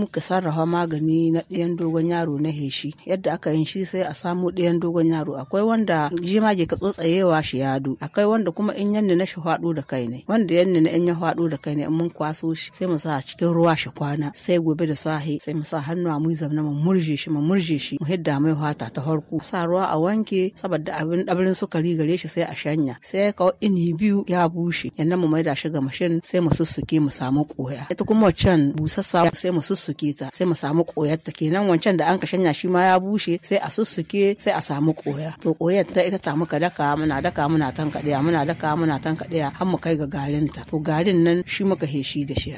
muka sarrafa magani na ɗayan dogon yaro na heshi yadda aka yin shi sai a samu ɗayan dogon yaro akwai wanda shi ma ke tsotsayewa shi yado akwai wanda kuma in yanni na shi faɗo da kai ne wanda yanni na in ya faɗo da kai ne in mun kwaso shi sai mu sa a cikin ruwa shi kwana sai gobe da sahi sai mu sa hannu a mu zamna mu murje shi mu murje shi mu hidda mai fata ta farko sa ruwa a wanke saboda abin ɗabrin sukari gare shi sai a shanya sai ka ini biyu ya bushe yannan mu da shi ga mashin sai mu sussuke mu samu koya ita kuma can busassa sai mu sussuke sussuke ta sai mu samu koyarta kenan wancan da an ka shanya shi ma ya bushe sai a sussuke sai a samu koya to koyar ta ita ta muka daka muna daka muna tankaɗeya muna daka muna tankaɗeya har mu kai ga garin ta to garin nan shi muka heshi da shi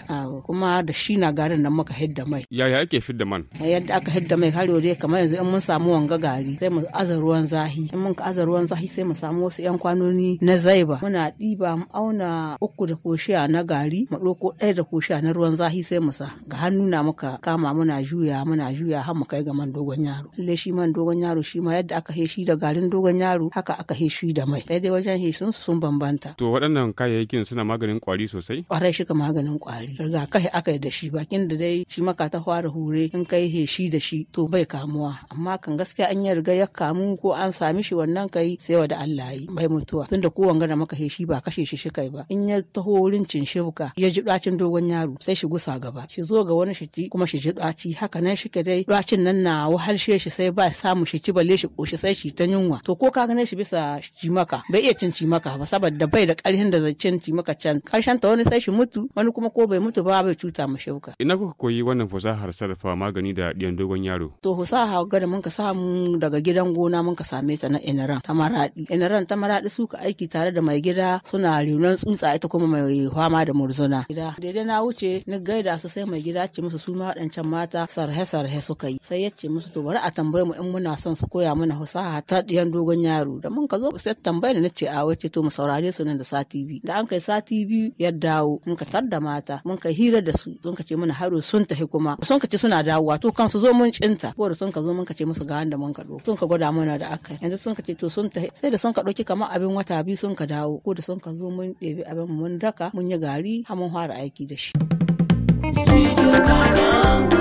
kuma da shi na garin nan muka hidda mai yaya ake fidda man yadda aka hidda mai har dai kamar yanzu in mun samu wanga gari sai mu aza ruwan zahi in mun ka aza ruwan zahi sai mu samu wasu yan kwanoni na zaiba muna ɗiba mu auna uku da koshiya na gari mu ɗauko ɗaya da koshiya na ruwan zahi sai mu sa ga hannu na muka muka kama muna juya muna juya har mu kai ga man dogon yaro lalle shi man dogon yaro shi ma yadda aka heshi da garin dogon yaro haka aka heshi da mai sai dai wajen heshin su sun bambanta to waɗannan kayayyakin suna maganin kwari sosai kwarai shi ka maganin kwari kai aka yi da shi bakin da dai shi maka ta fara hure in kai heshi da shi to bai kamuwa amma kan gaskiya an yi ya kamu ko an sami shi wannan kai sai wa da Allah yi bai mutuwa tunda ko wanga da maka heshi ba kashe shi shi kai ba in ya taho wurin cin shibka ya ji dacin dogon yaro sai shi gusa gaba shi zo ga wani shi kuma shi ji ɗaci haka nan shi ke dai ɗacin nan na wahalshe shi sai ba samu shi ci balle shi shi sai shi ta yunwa to ko ka gane shi bisa cimaka bai iya cin cimaka ba saboda bai da ƙarfin da zai cin cimaka can karshen ta wani sai shi mutu wani kuma ko bai mutu ba bai cuta mu shauka. ina kuka koyi wannan fasahar sarrafa magani da ɗiyan dogon yaro. to fasaha gada mun ka samu daga gidan gona mun ka same ta na inaran Tamaradi, inaran ta su ka aiki tare da mai gida suna renon tsutsa ita kuma mai fama da murzuna. gida daidai na wuce ni gaida su sai mai gida ce musu su ma waɗancan mata sarhe-sarhe suka yi sai ya ce musu to bari a tambaye mu in muna son su koya mana fasaha ta ɗiyan dogon yaro da mun ka zo sai tambaye na ce a wace to mu saurare su nan da sati biyu da an kai sati biyu ya dawo mun ka tar da mata mun ka hira da su sun ka ce mana haro sun tafi kuma sun ka ce suna dawowa to kansu zo mun cinta ko da sun ka zo mun ka ce musu ga wanda mun ka ɗauko sun ka gwada mana da aka yanzu sun ka ce to sun tafi sai da sun ka ɗauki kamar abin wata biyu sun ka dawo ko da sun ka zo mun ɗebi abin mun daka mun yi gari har mun fara aiki da shi. Studio Banangu.